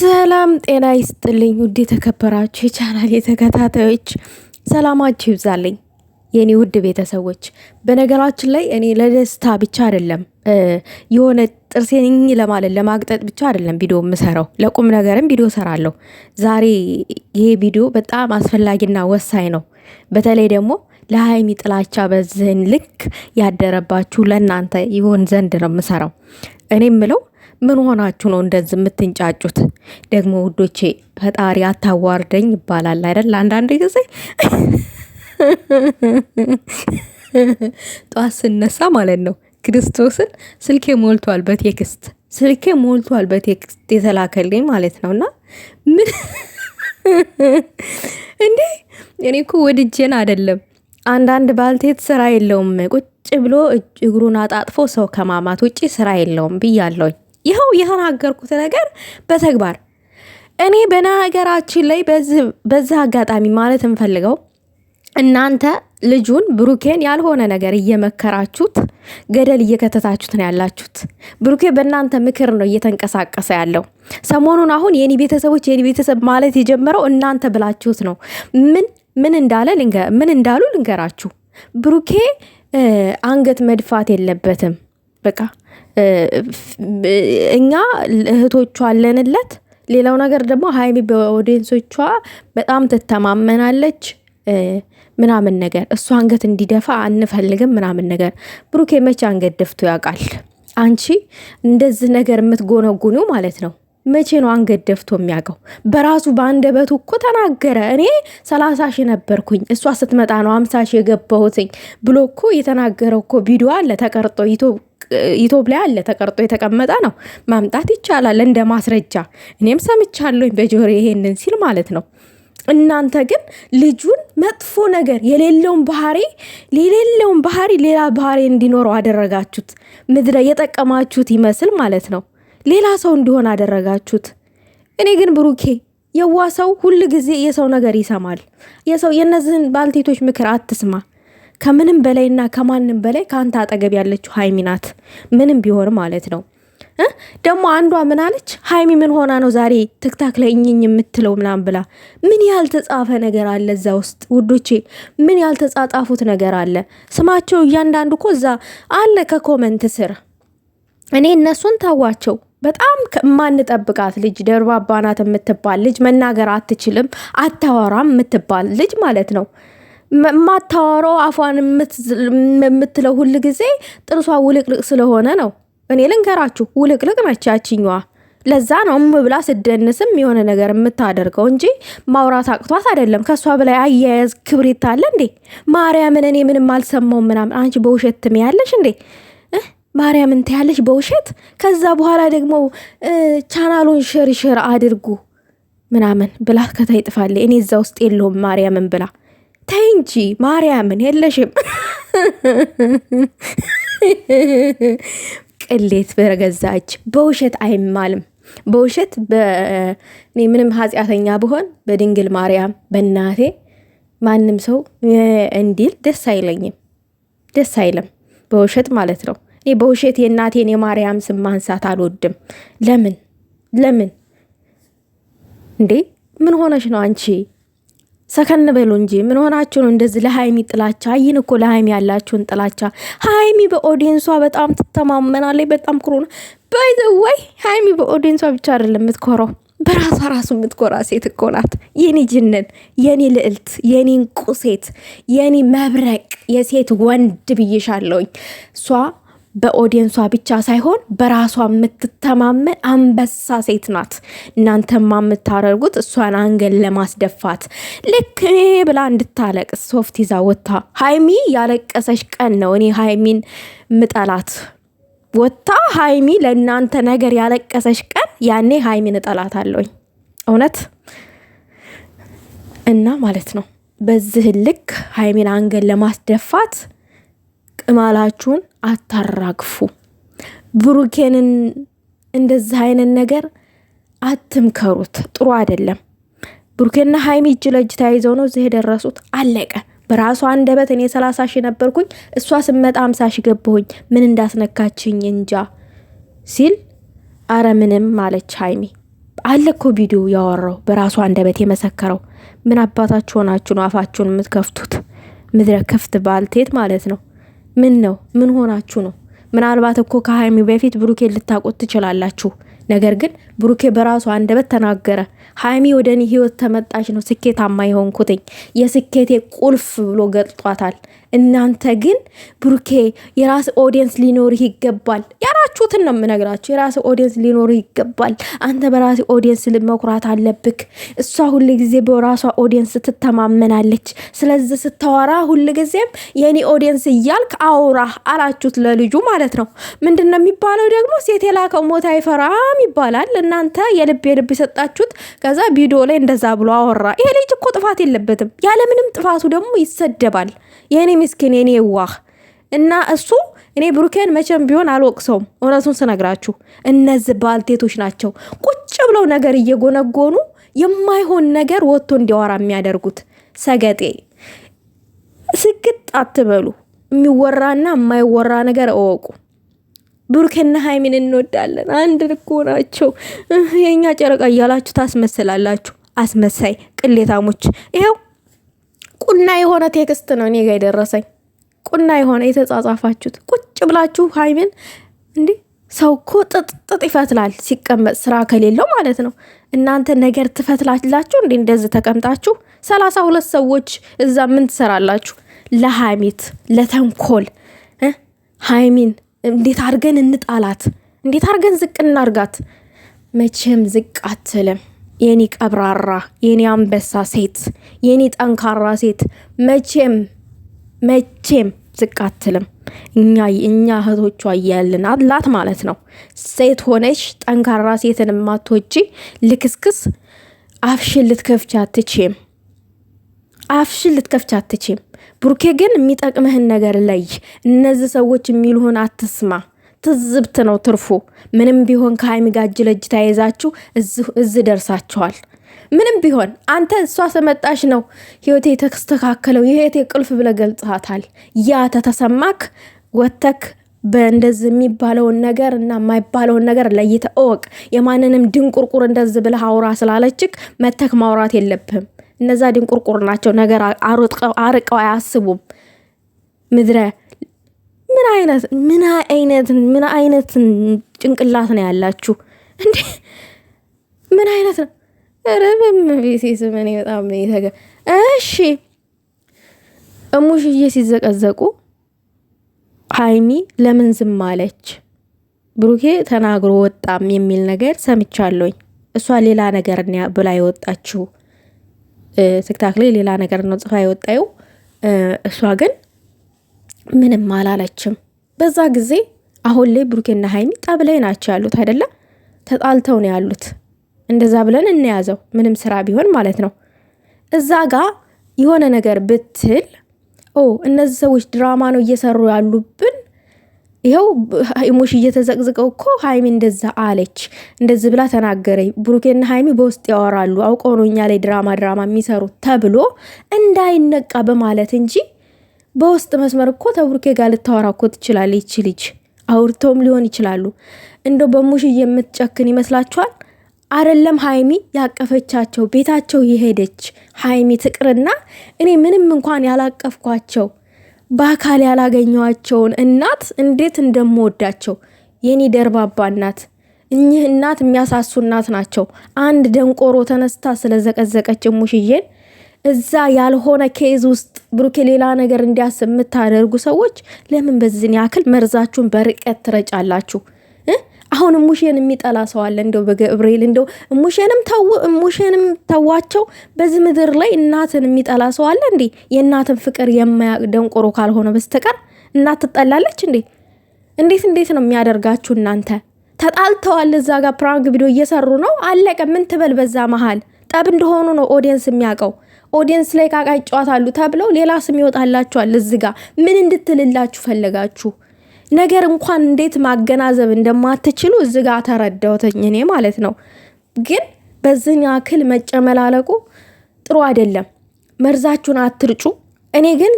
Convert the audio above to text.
ሰላም ጤና ይስጥልኝ ውድ የተከበራችሁ የቻናል የተከታታዮች ሰላማችሁ ይብዛልኝ የእኔ ውድ ቤተሰቦች። በነገራችን ላይ እኔ ለደስታ ብቻ አይደለም የሆነ ጥርሴን ለማለት ለማግጠጥ ብቻ አይደለም ቪዲዮ የምሰራው፣ ለቁም ነገርም ቪዲዮ ሰራለሁ። ዛሬ ይሄ ቪዲዮ በጣም አስፈላጊና ወሳኝ ነው። በተለይ ደግሞ ለሀይሚ ጥላቻ በዝህን ልክ ያደረባችሁ ለእናንተ ይሆን ዘንድ ነው የምሰራው እኔ ምለው ምን ሆናችሁ ነው እንደዚህ የምትንጫጩት? ደግሞ ውዶቼ ፈጣሪ አታዋርደኝ ይባላል አይደል? አንዳንድ ጊዜ ጠዋት ስነሳ ማለት ነው ክርስቶስን ስልኬ ሞልቷል በቴክስት ስልኬ ሞልቷል በቴክስት የተላከልኝ ማለት ነው እና ምን እንዴ እኔ እኮ ወድጄን አደለም አንዳንድ ባልቴት ስራ የለውም ቁጭ ብሎ እግሩን አጣጥፎ ሰው ከማማት ውጪ ስራ የለውም ብያለውኝ። ይኸው የተናገርኩት ነገር በተግባር እኔ በነገራችን ላይ በዚህ አጋጣሚ ማለት እንፈልገው እናንተ ልጁን ብሩኬን ያልሆነ ነገር እየመከራችሁት ገደል እየከተታችሁት ነው ያላችሁት። ብሩኬ በእናንተ ምክር ነው እየተንቀሳቀሰ ያለው። ሰሞኑን አሁን የኔ ቤተሰቦች የኔ ቤተሰብ ማለት የጀመረው እናንተ ብላችሁት ነው። ምን ምን እንዳለ ምን እንዳሉ ልንገራችሁ። ብሩኬ አንገት መድፋት የለበትም በቃ እኛ እህቶቿ አለንለት። ሌላው ነገር ደግሞ ሀይሚ በኦዲየንሶቿ በጣም ትተማመናለች ምናምን ነገር እሱ አንገት እንዲደፋ አንፈልግም ምናምን ነገር። ብሩኬ መቼ አንገት ደፍቶ ያውቃል? አንቺ እንደዚህ ነገር የምትጎነጉኑ ማለት ነው። መቼ ነው አንገት ደፍቶ የሚያውቀው? በራሱ በአንደበቱ እኮ ተናገረ። እኔ ሰላሳ ሺ ነበርኩኝ እሷ ስትመጣ ነው አምሳ ሺ የገባሁትኝ ብሎ እኮ የተናገረው እኮ ቪዲዮ አለ ተቀርጦ ዩቲዩብ ላይ አለ ተቀርጦ የተቀመጠ ነው። ማምጣት ይቻላል እንደ ማስረጃ። እኔም ሰምቻለሁኝ በጆሮ ይሄንን ሲል ማለት ነው። እናንተ ግን ልጁን መጥፎ ነገር የሌለውን ባህሪ የሌለውን ባህሪ ሌላ ባህሪ እንዲኖረው አደረጋችሁት። ምድረ የጠቀማችሁት ይመስል ማለት ነው። ሌላ ሰው እንዲሆን አደረጋችሁት። እኔ ግን ብሩኬ የዋ ሰው ሁል ጊዜ የሰው ነገር ይሰማል። የሰው የእነዚህን ባልቴቶች ምክር አትስማ። ከምንም በላይና ከማንም በላይ ከአንተ አጠገብ ያለችው ሀይሚ ናት። ምንም ቢሆን ማለት ነው። ደግሞ አንዷ ምን አለች? ሀይሚ ምን ሆና ነው ዛሬ ትክታክ ላይ እኝኝ የምትለው ምናምን ብላ። ምን ያልተጻፈ ነገር አለ እዛ ውስጥ ውዶቼ? ምን ያልተጻጻፉት ነገር አለ? ስማቸው እያንዳንዱ እኮ እዛ አለ ከኮመንት ስር። እኔ እነሱን ታዋቸው። በጣም ማንጠብቃት ልጅ ደርባባ ናት የምትባል ልጅ፣ መናገር አትችልም አታወራም የምትባል ልጅ ማለት ነው። ማታወራው አፏን የምትለው ሁል ጊዜ ጥርሷ ውልቅልቅ ስለሆነ ነው። እኔ ልንገራችሁ ውልቅልቅ ነች ያችኛዋ። ለዛ ነው ምብላ ስደንስም የሆነ ነገር የምታደርገው እንጂ ማውራት አቅቷት አይደለም። ከእሷ በላይ አያያዝ ክብሪት አለ እንዴ? ማርያምን እኔ ምንም አልሰማው ምናምን። አንቺ በውሸት ትሜያለሽ እንዴ? ማርያምን ትያለሽ በውሸት። ከዛ በኋላ ደግሞ ቻናሉን ሸርሸር አድርጉ ምናምን ብላ ከታይ እኔ እዛ ውስጥ የለውም ማርያምን ብላ ተይ እንጂ ማርያምን የለሽም። ቅሌት በገዛች በውሸት አይማልም። በውሸት እኔ ምንም ኃጢአተኛ ብሆን በድንግል ማርያም በእናቴ ማንም ሰው እንዲል ደስ አይለኝም፣ ደስ አይለም በውሸት ማለት ነው። እኔ በውሸት የእናቴን የማርያም ስም ማንሳት አልወድም። ለምን ለምን እንዴ? ምን ሆነሽ ነው አንቺ? ሰከን በሉ እንጂ ምን ሆናችሁ ነው እንደዚህ ለሀይሚ ጥላቻ? አይን እኮ ለሀይሚ ያላችሁን ጥላቻ። ሀይሚ በኦዲየንሷ በጣም ትተማመናለች። በጣም ክሩ ነው ባይዘወይ። ሀይሚ በኦዲየንሷ ብቻ አይደለም የምትኮረው በራሷ ራሱ የምትኮራ ሴት እኮ ናት። የኔ ጅንን፣ የኔ ልዕልት፣ የኔ እንቁ ሴት፣ የኔ መብረቅ የሴት ወንድ ብይሻለውኝ እሷ በኦዲየንሷ ብቻ ሳይሆን በራሷ የምትተማመን አንበሳ ሴት ናት። እናንተማ የምታደርጉት እሷን አንገል ለማስደፋት ልክ እኔ ብላ እንድታለቅ ሶፍት ይዛ ወታ ሀይሚ ያለቀሰች ቀን ነው እኔ ሀይሚን ምጠላት ወታ ሀይሚ ለእናንተ ነገር ያለቀሰች ቀን ያኔ ሀይሚን እጠላት አለውኝ እውነት እና ማለት ነው። በዚህ ልክ ሀይሚን አንገል ለማስደፋት እማላችሁን አታራግፉ። ብሩኬንን እንደዚህ አይነት ነገር አትምከሩት፣ ጥሩ አይደለም። ብሩኬና ሀይሚ እጅ ለእጅ ተያይዘው ነው እዚህ የደረሱት። አለቀ። በራሷ አንደበት እኔ ሰላሳ ሺ ነበርኩኝ እሷ ስመጣ አምሳ ሺ ገባሁኝ ምን እንዳስነካችኝ እንጃ ሲል አረ ምንም ማለች ሀይሚ። አለኮ ቪዲዮ ያወራው በራሱ አንደበት የመሰከረው። ምን አባታችሁ ሆናችሁ ነው አፋችሁን የምትከፍቱት? ምድረ ክፍት ባልቴት ማለት ነው። ምን ነው? ምን ሆናችሁ ነው? ምናልባት እኮ ከሀይሚ በፊት ብሩኬ ልታቆት ትችላላችሁ። ነገር ግን ብሩኬ በራሱ አንደበት ተናገረ። ሀይሚ ወደ እኔ ህይወት ተመጣች ነው ስኬታማ የሆንኩትኝ የስኬቴ ቁልፍ ብሎ ገልጧታል። እናንተ ግን ብሩኬ የራስ ኦዲየንስ ሊኖርህ ይገባል ያላችሁትን ነው የምነግራችሁ። የራሴ ኦዲየንስ ሊኖር ይገባል። አንተ በራሴ ኦዲየንስ መኩራት አለብክ። እሷ ሁል ጊዜ በራሷ ኦዲየንስ ትተማመናለች። ስለዚህ ስታወራ ሁል ጊዜም የኔ ኦዲየንስ እያልክ አውራ አላችሁት ለልጁ ማለት ነው። ምንድን ነው የሚባለው ደግሞ ሴት የላከው ሞት አይፈራም ይባላል። እናንተ የልብ የልብ የሰጣችሁት ከዛ ቪዲዮ ላይ እንደዛ ብሎ አወራ። ይሄ ልጅ እኮ ጥፋት የለበትም። ያለምንም ጥፋቱ ደግሞ ይሰደባል። የኔ ምስኪን የኔ ዋህ እና እሱ እኔ ብሩኬን መቼም ቢሆን አልወቅሰውም። እውነቱን ስነግራችሁ እነዚህ ባልቴቶች ናቸው ቁጭ ብለው ነገር እየጎነጎኑ የማይሆን ነገር ወጥቶ እንዲያወራ የሚያደርጉት። ሰገጤ ስግጥ አትበሉ። የሚወራና የማይወራ ነገር እወቁ። ብሩኬና ሀይሚን እንወዳለን፣ አንድ ልኮ ናቸው፣ የእኛ ጨረቃ እያላችሁ ታስመስላላችሁ። አስመሳይ ቅሌታሞች። ይኸው ቁና የሆነ ቴክስት ነው እኔ ጋ የደረሰኝ። ቁና የሆነ የተጻጻፋችሁት ቁጭ ብላችሁ ሀይሜን እንዲህ ሰው እኮ ጥጥጥጥ ይፈትላል ሲቀመጥ ስራ ከሌለው ማለት ነው። እናንተ ነገር ትፈትላላችሁ እንዲ እንደዚህ ተቀምጣችሁ ሰላሳ ሁለት ሰዎች እዛ ምን ትሰራላችሁ? ለሀሚት ለተንኮል ሀይሚን እንዴት አድርገን እንጣላት? እንዴት አድርገን ዝቅ እናርጋት? መቼም ዝቅ አትልም። የኔ ቀብራራ፣ የኔ አንበሳ ሴት፣ የኔ ጠንካራ ሴት መቼም መቼም ዝቅ አትልም። እኛ እኛ እህቶቿ እያልን አላት ማለት ነው። ሴት ሆነች ጠንካራ ሴትን ማትወጪ ልክስክስ አፍሽን ልትከፍች አትችም። አፍሽን ልትከፍች አትችም። ቡርኬ ግን የሚጠቅምህን ነገር ለይ። እነዚህ ሰዎች የሚልሆን አትስማ። ትዝብት ነው ትርፉ። ምንም ቢሆን ከሀይሚ ጋር እጅ ለእጅ ተያይዛችሁ እዚህ ደርሳችኋል። ምንም ቢሆን አንተ እሷ ስመጣሽ ነው ህይወቴ የተስተካከለው የህይወቴ ቁልፍ ብለ ገልጽሃታል። ያ ተተሰማክ ወተክ በእንደዚህ የሚባለውን ነገር እና የማይባለውን ነገር ለይተህ እወቅ። የማንንም ድንቁርቁር እንደዚህ ብለህ አውራ ስላለችክ መተክ ማውራት የለብህም። እነዛ ድንቁርቁር ናቸው፣ ነገር አርቀው አያስቡም። ምድረ ምን አይነት ምን አይነት ምን አይነት ጭንቅላት ነው ያላችሁ እንዴ? ምን አይነት ነው? ረብም ቤቴ ስመኔ በጣም ተገ እሺ እሙሽዬ ሲዘቀዘቁ ሀይሚ ለምን ዝም አለች? ብሩኬ ተናግሮ ወጣም የሚል ነገር ሰምቻለኝ። እሷ ሌላ ነገር ብላ የወጣችው ትክታክ ላይ ሌላ ነገር ነው ጽፋ የወጣዩ። እሷ ግን ምንም አላለችም። በዛ ጊዜ አሁን ላይ ብሩኬና ሀይሚ ጠብ ላይ ናቸው ያሉት አይደለም፣ ተጣልተው ነው ያሉት። እንደዛ ብለን እንያዘው። ምንም ስራ ቢሆን ማለት ነው። እዛ ጋ የሆነ ነገር ብትል ኦ እነዚህ ሰዎች ድራማ ነው እየሰሩ ያሉብን ይኸው ሙሽ እየተዘቅዝቀው እኮ ሀይሚ እንደዛ አለች እንደዚ ብላ ተናገረኝ። ብሩኬና ሀይሚ በውስጥ ያወራሉ አውቀው ነው እኛ ላይ ድራማ ድራማ የሚሰሩት ተብሎ እንዳይነቃ በማለት እንጂ በውስጥ መስመር እኮ ተብሩኬ ጋር ልታወራ እኮ ትችላለች። ይች ልጅ አውርተውም ሊሆን ይችላሉ። እንደው በሙሽ የምትጨክን ይመስላችኋል? አረለም ሀይሚ ያቀፈቻቸው ቤታቸው የሄደች ሀይሚ ትቅርና እኔ ምንም እንኳን ያላቀፍኳቸው በአካል ያላገኘዋቸውን እናት እንዴት እንደምወዳቸው የኔ ደርባባ እናት እኚህ እናት የሚያሳሱ እናት ናቸው። አንድ ደንቆሮ ተነስታ ስለዘቀዘቀች ሙሽዬን እዛ ያልሆነ ኬዝ ውስጥ ብሩኬ ሌላ ነገር እንዲያስ የምታደርጉ ሰዎች ለምን በዚህን ያክል መርዛችሁን በርቀት ትረጫላችሁ? አሁን ሙሼን የሚጠላ ሰው አለ? እንደው በገብርኤል እንደው ሙሼንም ታው ሙሼንም ታዋቸው። በዚህ ምድር ላይ እናትን የሚጠላ ሰው አለ እንዴ? የእናትን ፍቅር የማያውቅ ደንቆሮ ካልሆነ በስተቀር እናት ትጠላለች እንዴ? እንዴት እንዴት ነው የሚያደርጋችሁ እናንተ? ተጣልተዋል። እዛ ጋር ፕራንክ ቪዲዮ እየሰሩ ነው። አለቀ። ምን ትበል በዛ መሃል ጠብ እንደሆኑ ነው ኦዲየንስ የሚያውቀው። ኦዲየንስ ላይ ቃቃ ይጫወታሉ ተብለው ሌላ ስም ይወጣላችኋል። እዚህ ጋር ምን እንድትልላችሁ ፈለጋችሁ? ነገር እንኳን እንዴት ማገናዘብ እንደማትችሉ እዚ ጋር ተረዳውተኝ እኔ ማለት ነው። ግን በዚህን ያክል መጨመላለቁ ጥሩ አይደለም። መርዛችሁን አትርጩ። እኔ ግን